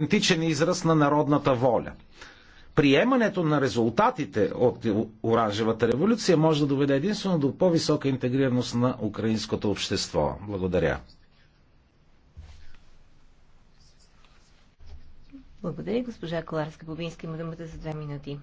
автентичен израз на народната воля. Приемането на резултатите от Оранжевата революция може да доведе единствено до по-висока интегрираност на украинското общество. Благодаря. Благодаря, госпожа Коларска-Бобинска. Има думата за две минути.